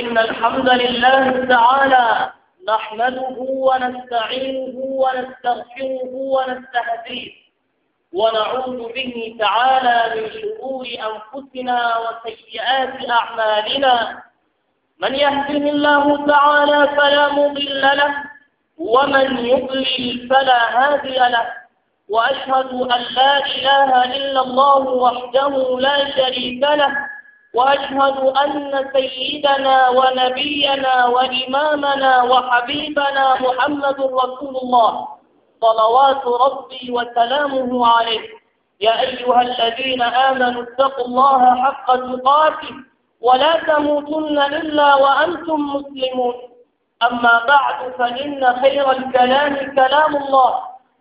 إن الحمد لله تعالى نحمده ونستعينه ونستغفره ونستهديه ونعوذ به تعالى من شرور أنفسنا وسيئات أعمالنا من يهده الله تعالى فلا مضل له ومن يضلل فلا هادي له وأشهد أن لا إله إلا الله وحده لا شريك له وأشهد أن سيدنا ونبينا وإمامنا وحبيبنا محمد رسول الله صلوات ربي وسلامه عليه يا أيها الذين آمنوا اتقوا الله حق تقاته ولا تموتن إلا وأنتم مسلمون أما بعد فإن خير الكلام كلام الله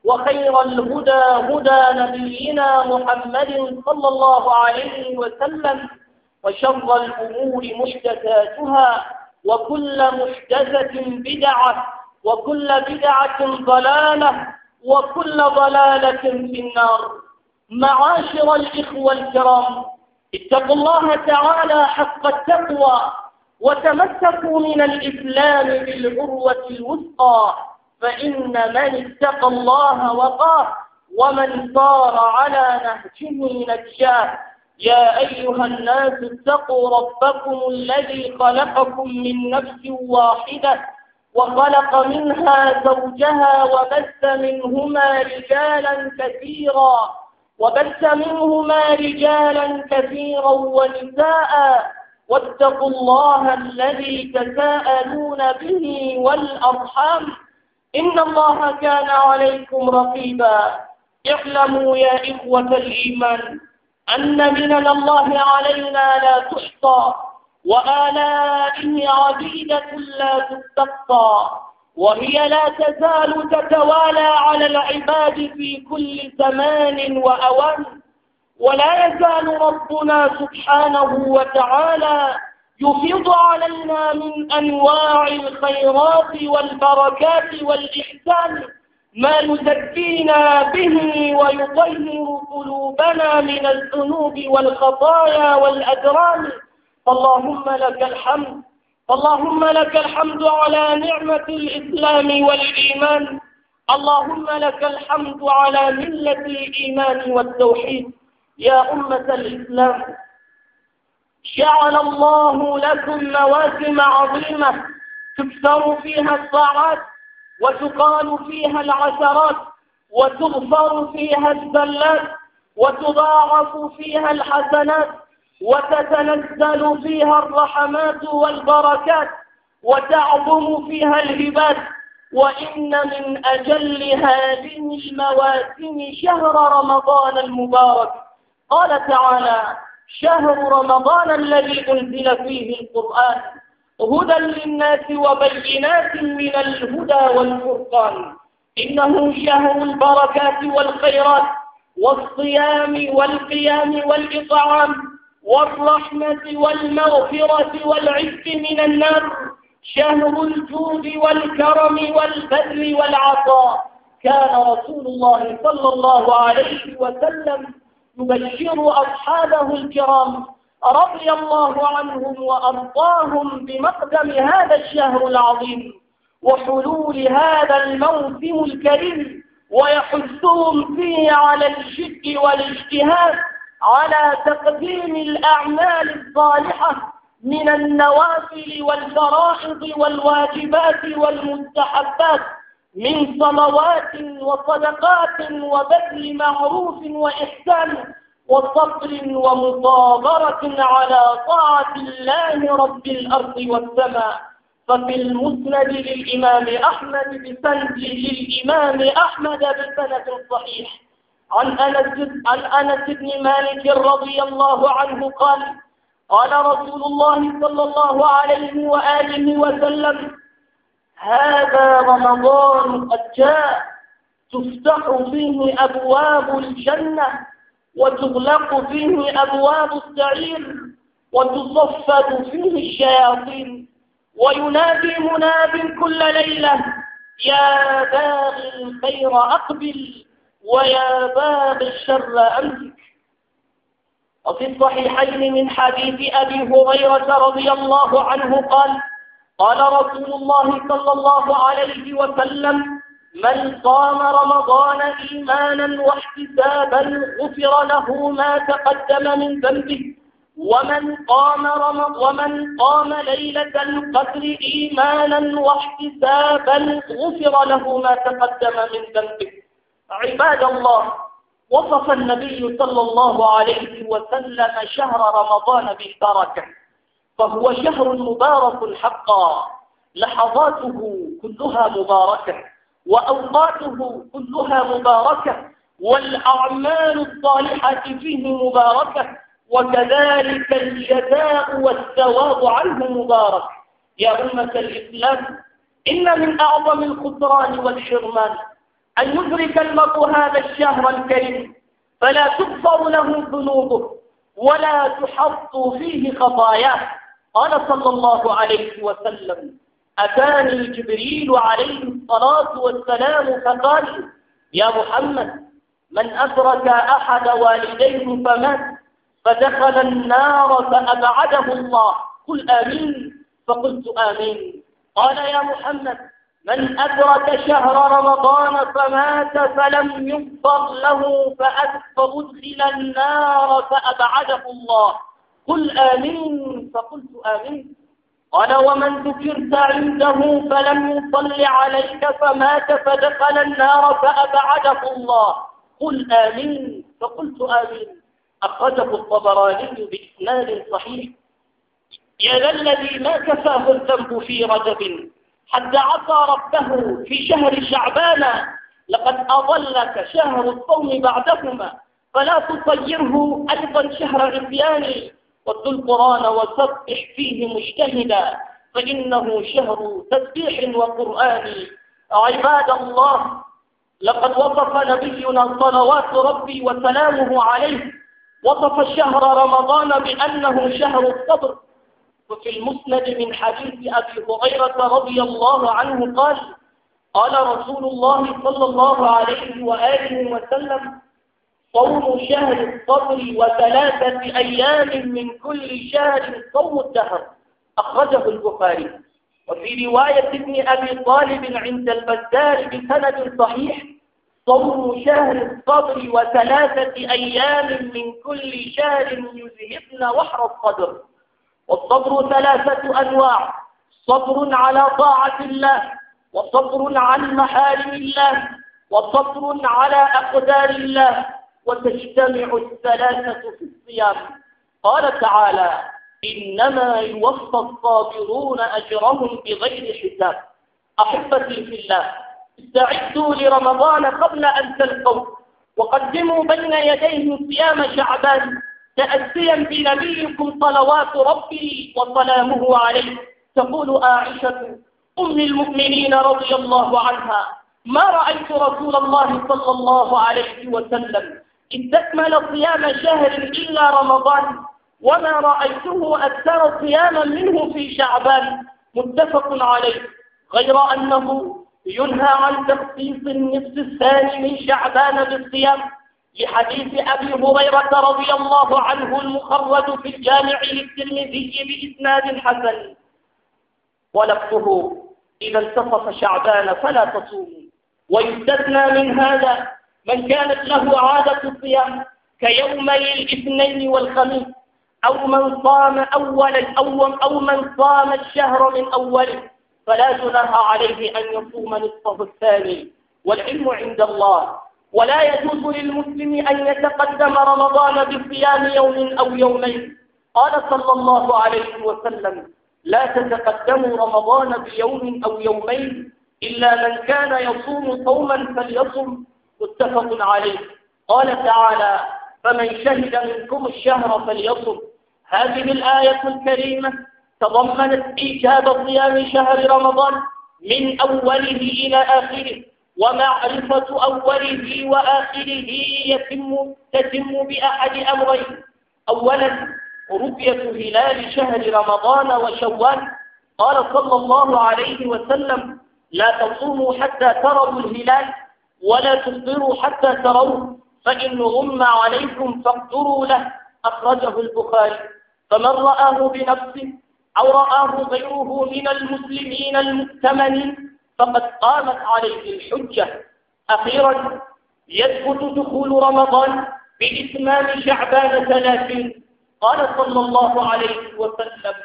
وخير الهدى هدى نبينا محمد صلى الله عليه وسلم وشر الأمور محدثاتها وكل محدثة بدعة وكل بدعة ضلالة وكل ضلالة في النار معاشر الإخوة الكرام اتقوا الله تعالى حق التقوى وتمسكوا من الإسلام بالعروة الوثقى فإن من اتقى الله وقاه ومن صار على نهجه نجاه يا أيها الناس اتقوا ربكم الذي خلقكم من نفس واحدة وخلق منها زوجها وبث منهما رجالا كثيرا وبث منهما رجالا كثيرا ونساء واتقوا الله الذي تساءلون به والأرحام إن الله كان عليكم رقيبا اعلموا يا إخوة الإيمان أن منن الله علينا لا تحصى وآلائه عديدة لا تستقصى وهي لا تزال تتوالى على العباد في كل زمان وأوان ولا يزال ربنا سبحانه وتعالى يفيض علينا من أنواع الخيرات والبركات والإحسان ما يزكينا به ويطهر قلوبنا من الذنوب والخطايا والأجرام اللهم لك الحمد اللهم لك الحمد على نعمة الإسلام والإيمان اللهم لك الحمد على ملة الإيمان والتوحيد يا أمة الإسلام جعل الله لكم مواسم عظيمة تكثر فيها الطاعات وتقال فيها العثرات وتغفر فيها الزلات وتضاعف فيها الحسنات وتتنزل فيها الرحمات والبركات وتعظم فيها الهبات وإن من أجل هذه المواسم شهر رمضان المبارك قال تعالى شهر رمضان الذي أنزل فيه القرآن هدى للناس وبينات من الهدى والفرقان إنه شهر البركات والخيرات والصيام والقيام والإطعام والرحمة والمغفرة والعز من النار شهر الجود والكرم والبذل والعطاء كان رسول الله صلى الله عليه وسلم يبشر أصحابه الكرام رضي الله عنهم وأرضاهم بمقدم هذا الشهر العظيم وحلول هذا الموسم الكريم ويحثهم فيه على الجد والاجتهاد على تقديم الأعمال الصالحة من النوافل والفرائض والواجبات والمستحبات من صلوات وصدقات وبذل معروف وإحسان وصبر ومصابرة على طاعة الله رب الأرض والسماء ففي المسند للإمام أحمد بسند للإمام أحمد بسند صحيح عن أنس عن أنس بن مالك رضي الله عنه قال قال رسول الله صلى الله عليه وآله وسلم هذا رمضان قد جاء تفتح فيه أبواب الجنة وتغلق فيه أبواب السعير وتصفد فيه الشياطين وينادي مناد كل ليلة يا باغ الخير أقبل ويا باغ الشر أمسك وفي الصحيحين من حديث أبي هريرة رضي الله عنه قال قال رسول الله صلى الله عليه وسلم من قام رمضان إيمانا واحتسابا غفر له ما تقدم من ذنبه ومن قام رمض ومن قام ليلة القدر إيمانا واحتسابا غفر له ما تقدم من ذنبه عباد الله وصف النبي صلى الله عليه وسلم شهر رمضان بالبركة فهو شهر مبارك حقا لحظاته كلها مباركة وأوقاته كلها مباركة والأعمال الصالحة فيه مباركة وكذلك الجزاء والثواب عنه مبارك يا أمة الإسلام إن من أعظم الخسران والحرمان أن يدرك المرء هذا الشهر الكريم فلا تغفر له ذنوبه ولا تحط فيه خطاياه قال صلى الله عليه وسلم أتاني جبريل عليه الصلاة والسلام فقال يا محمد من أدرك أحد والديه فمات فدخل النار فأبعده الله قل آمين فقلت آمين قال يا محمد من أدرك شهر رمضان فمات فلم يغفر له فأدخل النار فأبعده الله قل آمين فقلت آمين قال ومن ذكرت عنده فلم يصل عليك فمات فدخل النار فأبعده الله قل آمين فقلت آمين أخرجه الطبراني بإسناد صحيح يا ذا الذي ما كفاه الذنب في رجب حتى عصى ربه في شهر شعبان لقد أضلك شهر الصوم بعدهما فلا تصيره أيضا شهر عصيان واتل القرآن وسبح فيه مجتهدا فإنه شهر تسبيح وقرآن عباد الله لقد وصف نبينا صلوات ربي وسلامه عليه وصف شهر رمضان بأنه شهر الصبر وفي المسند من حديث أبي هريرة رضي الله عنه قال قال رسول الله صلى الله عليه وآله وسلم صوم شهر الصبر وثلاثة أيام من كل شهر صوم الدهر أخرجه البخاري وفي رواية ابن أبي طالب عند البزار بسند صحيح صوم شهر الصبر وثلاثة أيام من كل شهر يذهبن وحر الصدر والصبر ثلاثة أنواع صبر على طاعة الله وصبر عن محارم الله وصبر على أقدار الله وتجتمع الثلاثة في الصيام قال تعالى إنما يوفى الصابرون أجرهم بغير حساب أحبتي في الله استعدوا لرمضان قبل أن تلقوه وقدموا بين يديه صيام شعبان تأسيا بنبيكم صلوات ربي وسلامه عليه تقول عائشة أم المؤمنين رضي الله عنها ما رأيت رسول الله صلى الله عليه وسلم إن تكمل صيام شهر إلا رمضان وما رأيته أكثر صياما منه في شعبان متفق عليه غير أنه ينهى عن تخصيص النصف الثاني من شعبان بالصيام لحديث أبي هريرة رضي الله عنه المخرج في الجامع للترمذي بإسناد حسن ولفظه إذا انتصف شعبان فلا تصوموا ويستثنى من هذا من كانت له عادة الصيام كيومي الاثنين والخميس أو من صام أول الأوم أو من صام الشهر من أوله فلا جناح عليه أن يصوم نصفه الثاني والعلم عند الله ولا يجوز للمسلم أن يتقدم رمضان بصيام يوم أو يومين قال صلى الله عليه وسلم لا تتقدموا رمضان بيوم أو يومين إلا من كان يصوم صوما فليصم متفق عليه قال تعالى فمن شهد منكم الشهر فليصم هذه الآية الكريمة تضمنت إيجاب صيام شهر رمضان من أوله إلى آخره ومعرفة أوله وآخره يتم تتم بأحد أمرين أولا رؤية هلال شهر رمضان وشوال قال صلى الله عليه وسلم لا تصوموا حتى تروا الهلال ولا تفطروا حتى تروا فإن غم عليكم فاقدروا له أخرجه البخاري فمن رآه بنفسه أو رآه غيره من المسلمين المؤتمن فقد قامت عليه الحجة أخيرا يثبت دخول رمضان بإتمام شعبان ثلاثين قال صلى الله عليه وسلم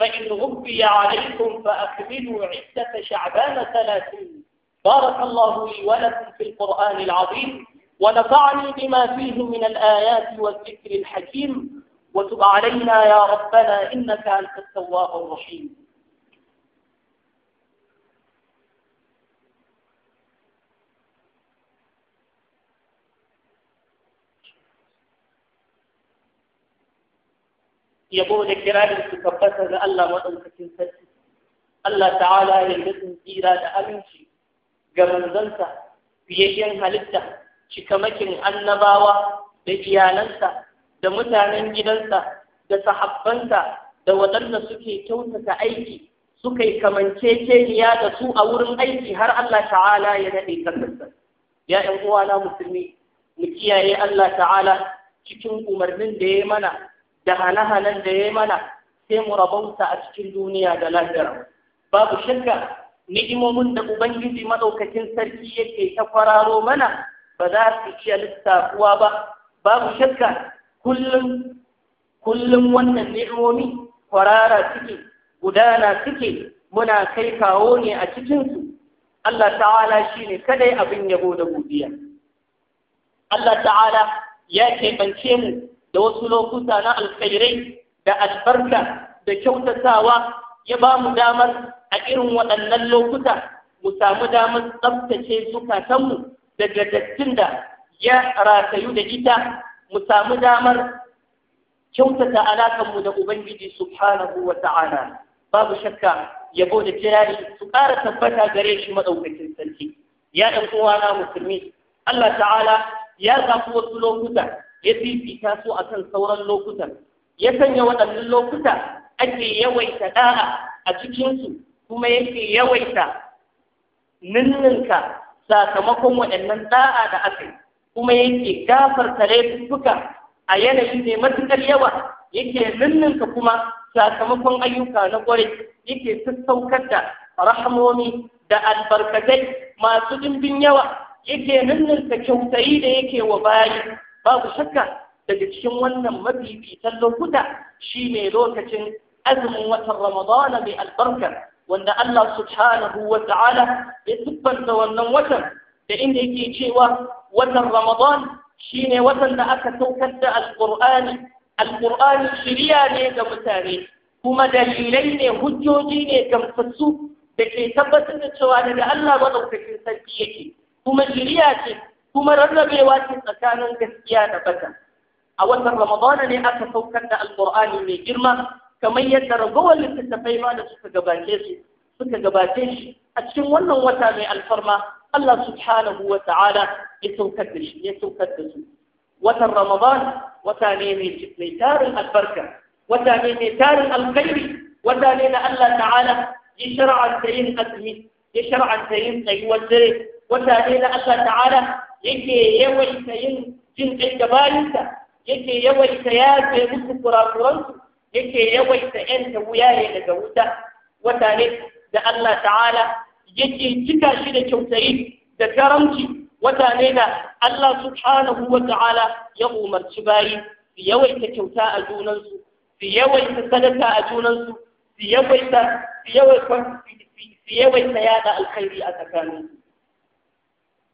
فإن غبي عليكم فأكملوا عدة شعبان ثلاثين بارك الله لي ولكم في القرآن العظيم ونفعني بما فيه من الآيات والذكر الحكيم وتب علينا يا ربنا إنك أنت التواب الرحيم يقول da kirarin su وأنت كنت Allah تعالى sarki. Allah ta'ala ya ga manzansa fiyayyen halitta cikamakin annabawa da iyalansa da mutanen gidansa da sahabbansa da waɗanda suke kyautata aiki suka yi kamanceceniya da su a wurin aiki har Allah ta'ala ya daɗe ƙasarsa ya ‘yan uwana musulmi mu kiyaye Allah ta'ala cikin umarnin da ya mana da hane-hanen da ya mana sai mu rabauta a cikin duniya da lafiya babu shakka ni'imomin da ubangiji maɗaukacin sarki yake ta kwararo mana ba za su iya lissafuwa ba babu shakka kullum wannan ni'imomi kwarara suke gudana suke muna kai kawo ne a cikinsu Allah ta'ala shi ne kadai abin yabo da godiya Allah ta'ala ya keɓance mu da wasu lokuta na alkhairai da albarka da kyautatawa ya ba mu damar a irin waɗannan lokuta mu samu damar tsabtace zukatanmu daga dattin da ya ratayu da ita mu samu damar kyautata alaƙanmu da Ubangiji subhanahu wa ta'ala babu shakka yabo da jirari su ƙara tabbata gare shi maɗaukakin sarki ya ɗan uwana musulmi Allah ta'ala ya zafi wasu lokuta ya fifita su a kan sauran lokutan ya sanya waɗannan lokuta ake yawaita ɗa'a a cikinsu kuma yake yawaita ninninka sakamakon waɗannan da'a da aka yi kuma yake gafarta laifuka a yanayi mai matuƙar yawa yake ninninka kuma sakamakon ayyuka na ƙwarai yake sassaukar da rahamomi da albarkatai masu ɗimbin yawa yake ninninka kyautayi da yake wa bayi babu shakka daga cikin wannan mafificen lokuta shi lokacin azumin watan ramadana mai albarka wanda Allah subhanahu wa ta'ala ya siffanta wannan watan da inda yake cewa watan Ramadan shine watan da aka saukar da Al-ƙur'ani. al Alƙur'ani shiriya ne ga mutane kuma dalilai ne hujjoji ne gamsassu da ke tabbatar da cewa daga Allah maɗaukakin sarki yake kuma shiriya ce kuma rarrabewa ce tsakanin gaskiya da bata a watan Ramadan ne aka saukar da al Alƙur'ani mai girma kamar yadda ragowar littattafai ma da suka gabace su suka gabace shi a cikin wannan wata mai alfarma Allah subhanahu wa ta'ala ya saukar da shi ya saukar da su watan Ramadan wata ne mai tarin albarka wata ne mai tarin alkhairi wata ne na Allah ta'ala ya shar'anta yin azumi ya shar'anta yin tsayuwar dare wata ne na Allah ta'ala yake yawaita yin jin kai da bayinsa yake yawaita ya yafe musu kurakuransu yake yawaita ‘yanta wuyaye daga wuta wata ne da Allah ta'ala yake cika shi da kyautayi da karamci wata ne da Allah subhanahu wa ta'ala ya umarci bayi su yawaita kyauta a junansu su yawaita sadaka a junansu su yawaita su yawaita yada alkhairi a tsakaninsu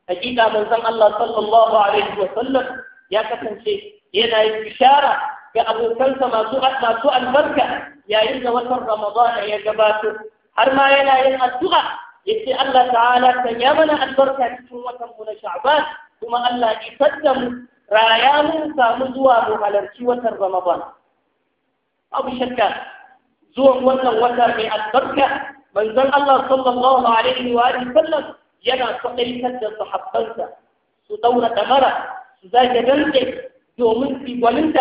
hakika manzon Allah sallallahu alaihi wa sallam ya kasance yana yin bishara ga abokansa masu masu albarka yayin da watan Ramadana ya gabato har ma yana yin addu'a yace Allah ta'ala ta ya mana albarka cikin watan mu na Sha'ban kuma Allah ya fadda mu raya mu samu zuwa mu halarci watan Ramadan abu shakka zuwan wannan wata mai albarka manzon Allah sallallahu alaihi wa sallam yana kwaɗaitar da sahabbansa su daura damara su zage dantse domin su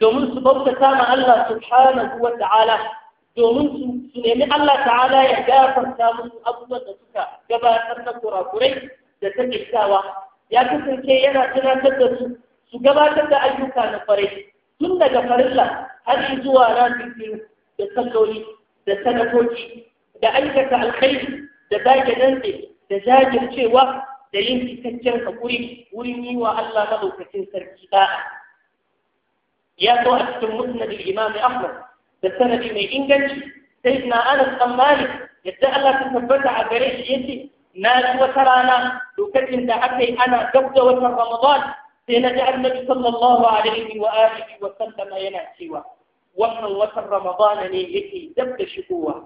domin su bautata ma Allah subhanahu wa ta'ala domin su nemi Allah ta'ala ya gafarta musu abubuwan da suka gabatar na kurakurai da ta kittawa ya kasance yana tunatar da su su gabatar da ayyuka na farai tun daga farilla har zuwa ranar da salloli da sadakoki da aikata alkhairi da zage dantse da cewa. da yin cikakken hakuri wurin yi wa Allah madaukakin sarki da'a ya zo a cikin musnad al-imam Ahmad da sanadi mai inganci sai na Anas bin Malik yadda Allah ta tabbata a gare shi yace na ji wata rana lokacin da aka yi ana gab da watan Ramadan sai na ji Annabi sallallahu alaihi wa alihi wa sallam yana cewa wannan watan Ramadan ne yake dab da shigowa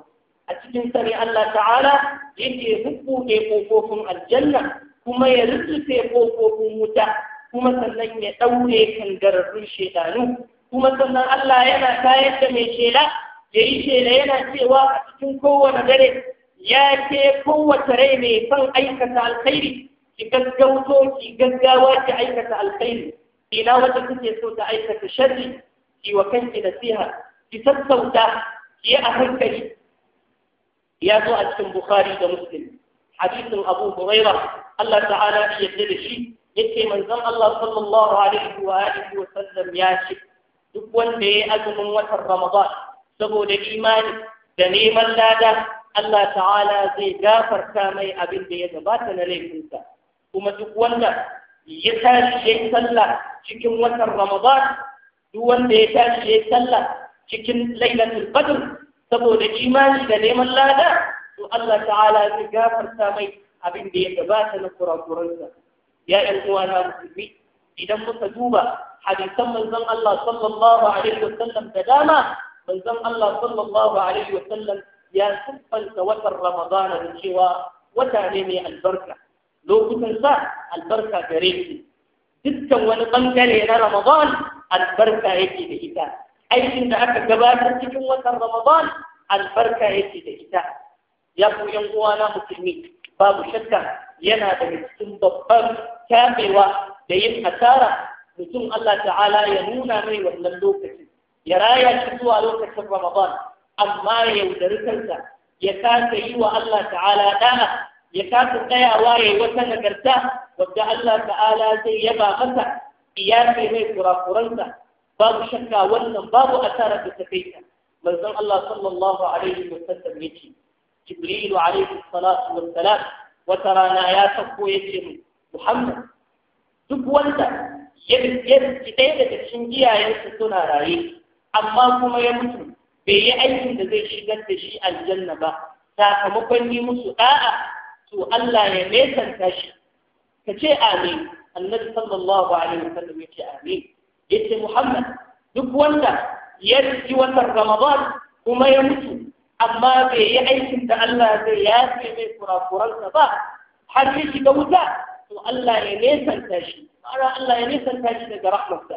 a cikin sani Allah ta'ala yake hukku ne kofofin aljanna kuma ya rurrufe kofofin wuta kuma sannan ya ɗaure gararrun shaidanu kuma sannan Allah yana tayar da mai shela ya yi shela yana cewa a cikin kowane dare ya ce kowace rai mai son aikata alkhairi ki gaggauto ki gaggawa ki aikata alkhairi ina wata kuke so ta aikata sharri ki wa kanki nasiha ki sassauta ki yi a hankali ya zo a cikin bukhari da muslim hadisin Abu Hurairah Allah ta'ala ya yarda da shi yace manzon Allah sallallahu alaihi wa alihi wa sallam ya ce duk wanda ya azumin watan Ramadan saboda imani da neman lada Allah ta'ala zai gafarta mai abin da ya gabata na laifinsa kuma duk wanda ya tashi ya sallah cikin watan Ramadan duk wanda ya tashi ya sallah cikin lailatul qadr saboda imani da neman lada to Allah ta'ala zai gafarta mai abin da ya gabata na kurakuransa ya 'yan uwana musulmi idan muka duba hadisan manzon Allah sallallahu alaihi wasallam da dama manzon Allah sallallahu alaihi wasallam ya siffanta watan Ramadana da cewa wata ne mai albarka lokutan sa albarka gare shi dukkan wani bangare na Ramadan albarka yake da ita aikin da aka gabatar cikin watan Ramadan albarka yake da ita ya ku yan uwana musulmi babu shakka yana da cikin babban kyamewa da yin asara mutum Allah ta'ala ya nuna mai wannan lokacin ya raya shi zuwa lokacin Ramadan amma ya yaudari kansa ya kasa yi wa Allah ta'ala da'a ya kasa tsayawa ya yi wata nagarta wadda Allah ta'ala zai yaba masa iyakai mai kurakuransa babu shakka wannan babu asara da ta kai ta manzon Allah sallallahu alaihi wasallam yace Jibril alaihi wata rana ya sauko ya ce mu muhammad duk wanda ya ki ɗaya daga cikin suna raye amma kuma ya mutu bai yi aikin da zai shigar da shi aljanna ba sakamakon yi musu da'a to Allah ya nesanta shi ka ce amin annabi sallallahu alaihi wasallam ce amin ya ce muhammad duk wanda ramadan kuma ya mutu amma bai yi aikin da Allah zai yafe mai kurakuransa ba har shi shiga wuta to Allah ya nesanta shi ma'ana Allah ya nesanta shi daga rahmarsa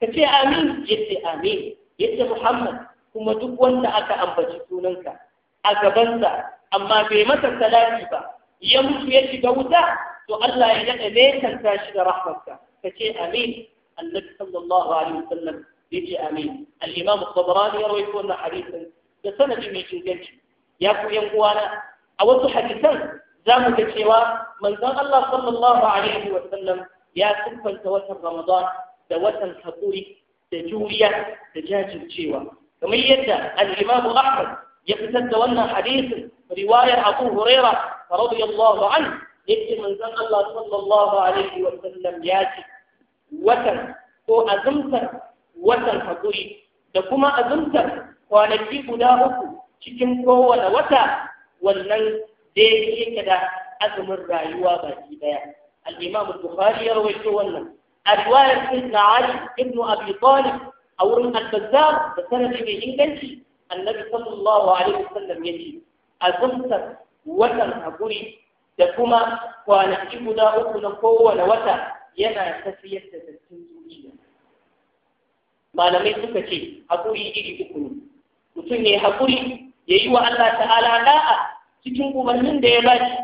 ka ce amin ya ce amin ya ce Muhammad kuma duk wanda aka ambaci sunanka a gabansa amma bai masa salati ba ya mutu ya shiga wuta to Allah ya daɗa nesanta shi da rahmarsa ka ce amin annabi sallallahu alaihi wasallam ya ce amin al-imam al-tabarani ya rawaito wannan hadisin da sanadi mai inganci ya ku yan uwana a wasu hadisan za mu ga cewa manzon Allah sallallahu alaihi wa sallam ya siffanta watan Ramadan da watan hakuri da juriya da jajircewa kamar yadda al-Imam Ahmad ya fitar da wannan hadisin riwayar Abu Huraira radiyallahu anhu yake manzon Allah sallallahu alaihi wa sallam ya ce watan ko azumtar watan hakuri da kuma azumtar kwanaki guda uku cikin kowane wata wannan daidai yake da azumin rayuwa baki daya al-imam al-bukhari ya rawaito wannan a riwayar ibn ali ibn abi talib a wurin al-bazzar da sanadi mai inganci annabi sallallahu alaihi wasallam yace azumta watan haƙuri da kuma kwanaki guda uku na kowane wata yana tafiyar da dattin zuciya malamai suka ce haƙuri iri uku ne mutum ya yi haƙuri ya yi wa Allah ta'ala da'a cikin umarnin da ya bashi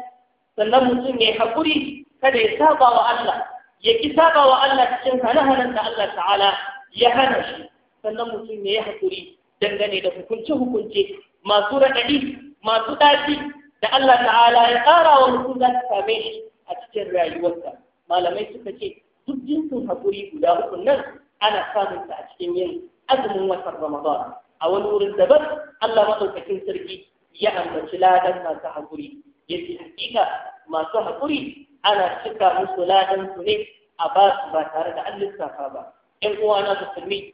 sannan mutum ya yi haƙuri kada ya saba wa Allah ya ki saba wa Allah cikin hana-hanan da Allah ta'ala ya hana shi sannan mutum ya yi haƙuri dangane da hukunce-hukunce masu raɗaɗi masu ɗaci da Allah ta'ala ya tsara wa mutum za su same shi a cikin rayuwarsa malamai suka ce duk jinsin haƙuri guda uku nan ana samun ta a cikin yin azumin watan Ramadan a wani wurin daban Allah maɗaukakin sarki ya ambaci ladan masu haƙuri ya ce hakika masu haƙuri ana cika musu ladan su ne a ba su ba tare da an lissafa ba ƴan uwana musulmi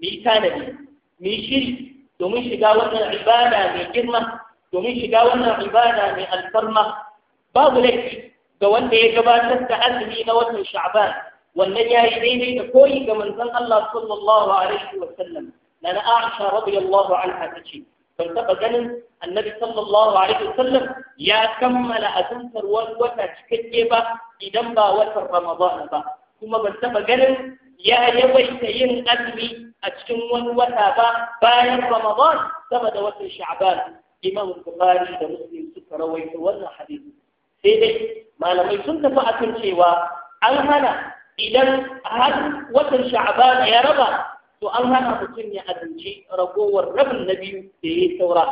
mu yi tanadi mu yi shiri domin shiga wannan ibada mai girma domin shiga wannan ibada mai alfarma babu laifi ga wanda ya gabatar da azumi na watan sha'ban wannan ya yi daidai da koyi ga manzon Allah sallallahu alaihi wa sallam na na Aisha radiyallahu anha tace ban taba ganin annabi sallallahu alaihi wasallam ya kammala azumtar wani wata cikakke ba idan ba watan Ramadan ba kuma ban taba ganin ya yawaita yin azumi a cikin wani wata ba bayan Ramadan sama da watan Sha'ban Imam da Muslim suka rawaito wannan hadisi sai dai malamai sun tafi akan cewa an hana idan har watan Sha'ban ya raba to an hana mutum ya azumci ragowar rabin na biyu da ya yi saura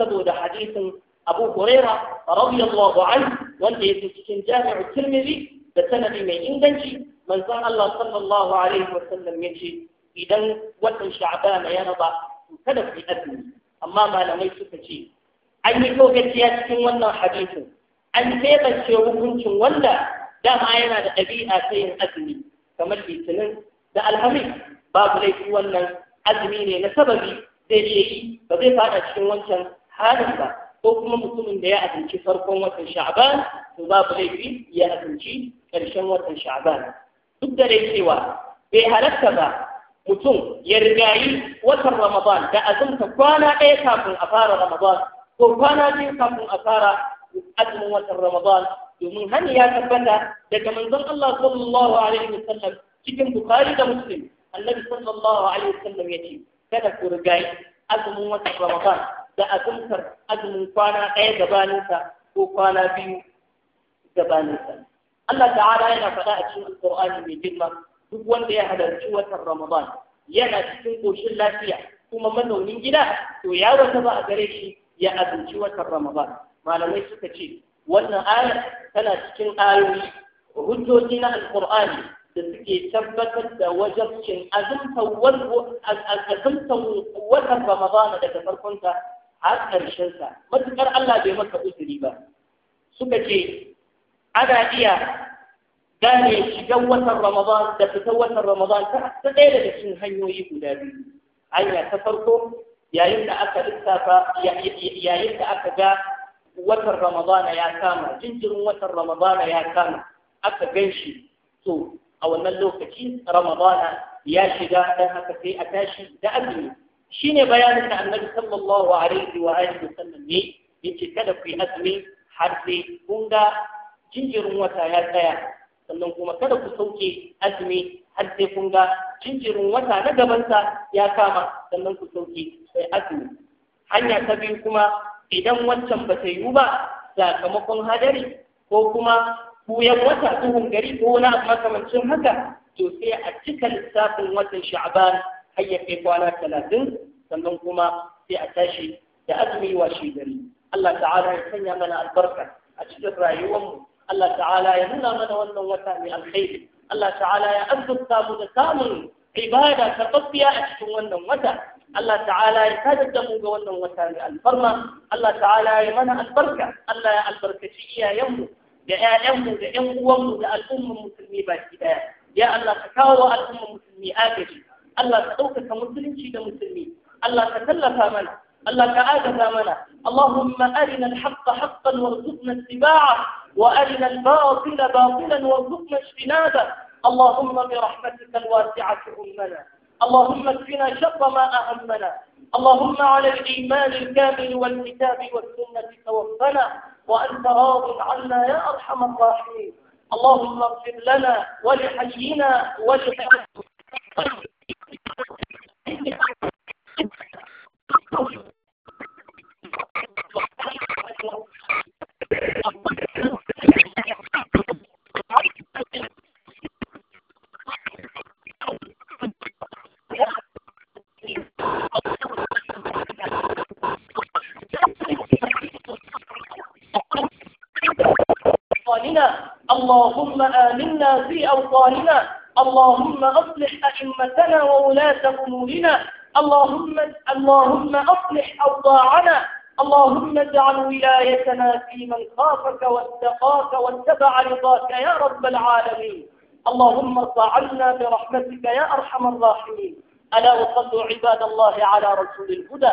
saboda hadisin abu huraira radiyallahu an wanda ya cikin jami'u tirmidhi da sanadi mai inganci manzon Allah sallallahu alaihi wa sallam yace idan watan sha'ban ya raba kada ku azumi amma malamai suka ce an yi tokaciya cikin wannan hadisin an keɓance hukuncin wanda dama yana da ɗabi'a ta yin azumi kamar litinin da alhamis babu laifi wannan azumi ne na sababi zai iya yi ba zai fada cikin wancan halin ba ko kuma mutumin da ya azumci farkon watan sha'ban to babu laifi ya azumci ƙarshen watan sha'ban duk da dai cewa bai halatta ba mutum ya rigayi watan ramadan da azumta kwana ɗaya kafin a fara ramadan ko kwana biyu kafin a fara azumin watan ramadan domin hani ya tabbata daga manzon Allah sallallahu alaihi wasallam cikin bukhari da muslim annabi sallallahu alaihi wasallam yace kada ku rigayi azumin watan ramadan da azumtar azumin kwana ɗaya gabaninsa ko kwana biyu gabaninsa Allah ta'ala yana faɗa a cikin alƙur'ani mai girma duk wanda ya halarci watan ramadan yana cikin ƙoshin lafiya kuma manaunin gida to ya wata ba a gare shi ya azumci watan ramadan malamai suka ce wannan aya tana cikin ayoyi hujjoji na alƙur'ani da suke tabbatar da wajabcin azumtan watan Ramadana daga farkonsa har ƙarshensa matuƙar Allah bai maka uzuri ba suka ce ana iya gane shigan watan Ramadan da fitar watan Ramadan ta ɗaya daga cikin hanyoyi guda biyu hanya ta farko yayin da aka lissafa yayin da aka ga watan Ramadana ya kama jinjirin watan Ramadana ya kama aka gan shi a wannan lokaci ramadana ya shiga dan haka sai a tashi da azumi shine bayanin da annabi sallallahu alaihi wa alihi wasallam ne yace kada ku yi azumi har sai kun ga jinjirin wata ya tsaya sannan kuma kada ku sauke azumi har sai kun ga jinjirin wata na gabansa ya kama sannan ku sauke sai azumi hanya ta biyu kuma idan wancan ba ta yiwu ba sakamakon hadari ko kuma buyan wata duhun gari ko na makamancin haka to sai a cika lissafin watan sha'ban har ya kai kwana talatin sannan kuma sai a tashi da azumi washe gari Allah ta'ala ya sanya mana albarka a cikin rayuwarmu Allah ta'ala ya nuna mana wannan wata mai alkhairi Allah ta'ala ya azurta mu da samun ibada karɓaɓɓiya a cikin wannan wata Allah ta'ala ya sadar da mu ga wannan wata mai alfarma Allah ta'ala ya mana albarka Allah ya albarkaci iyayenmu da ƴaƴanmu da ƴan uwanmu da al'ummar musulmi baki ɗaya ya Allah ka kawo al'ummar musulmi agaji Allah ka ɗaukaka musulunci da musulmi Allah ka tallafa mana Allah ka agaza mana Allahumma arina al-haqqa haqqan warzuqna ittiba'ah wa arina al-batila batilan warzuqna ijtinabah Allahumma bi rahmatika al-wasi'ati ummana اللهم اكفنا شر ما أهمنا اللهم على الإيمان الكامل والكتاب والسنة توفنا وأنت راض عنا يا أرحم الراحمين اللهم اغفر لنا ولحينا ولحينا اللهم آمنا في أوطاننا اللهم أصلح أئمتنا وولاة أمورنا اللهم اللهم أصلح أوضاعنا اللهم اجعل ولايتنا في من خافك واتقاك واتبع رضاك يا رب العالمين اللهم ارضى برحمتك يا أرحم الراحمين ألا وصلوا عباد الله على رسول الهدى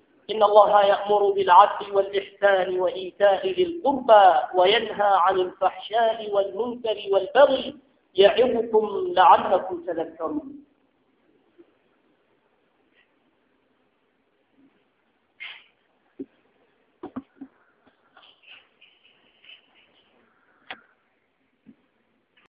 إن الله يأمر بالعدل والإحسان وإيتاء ذي القربى وينهى عن الفحشاء والمنكر والبغي يعظكم لعلكم تذكرون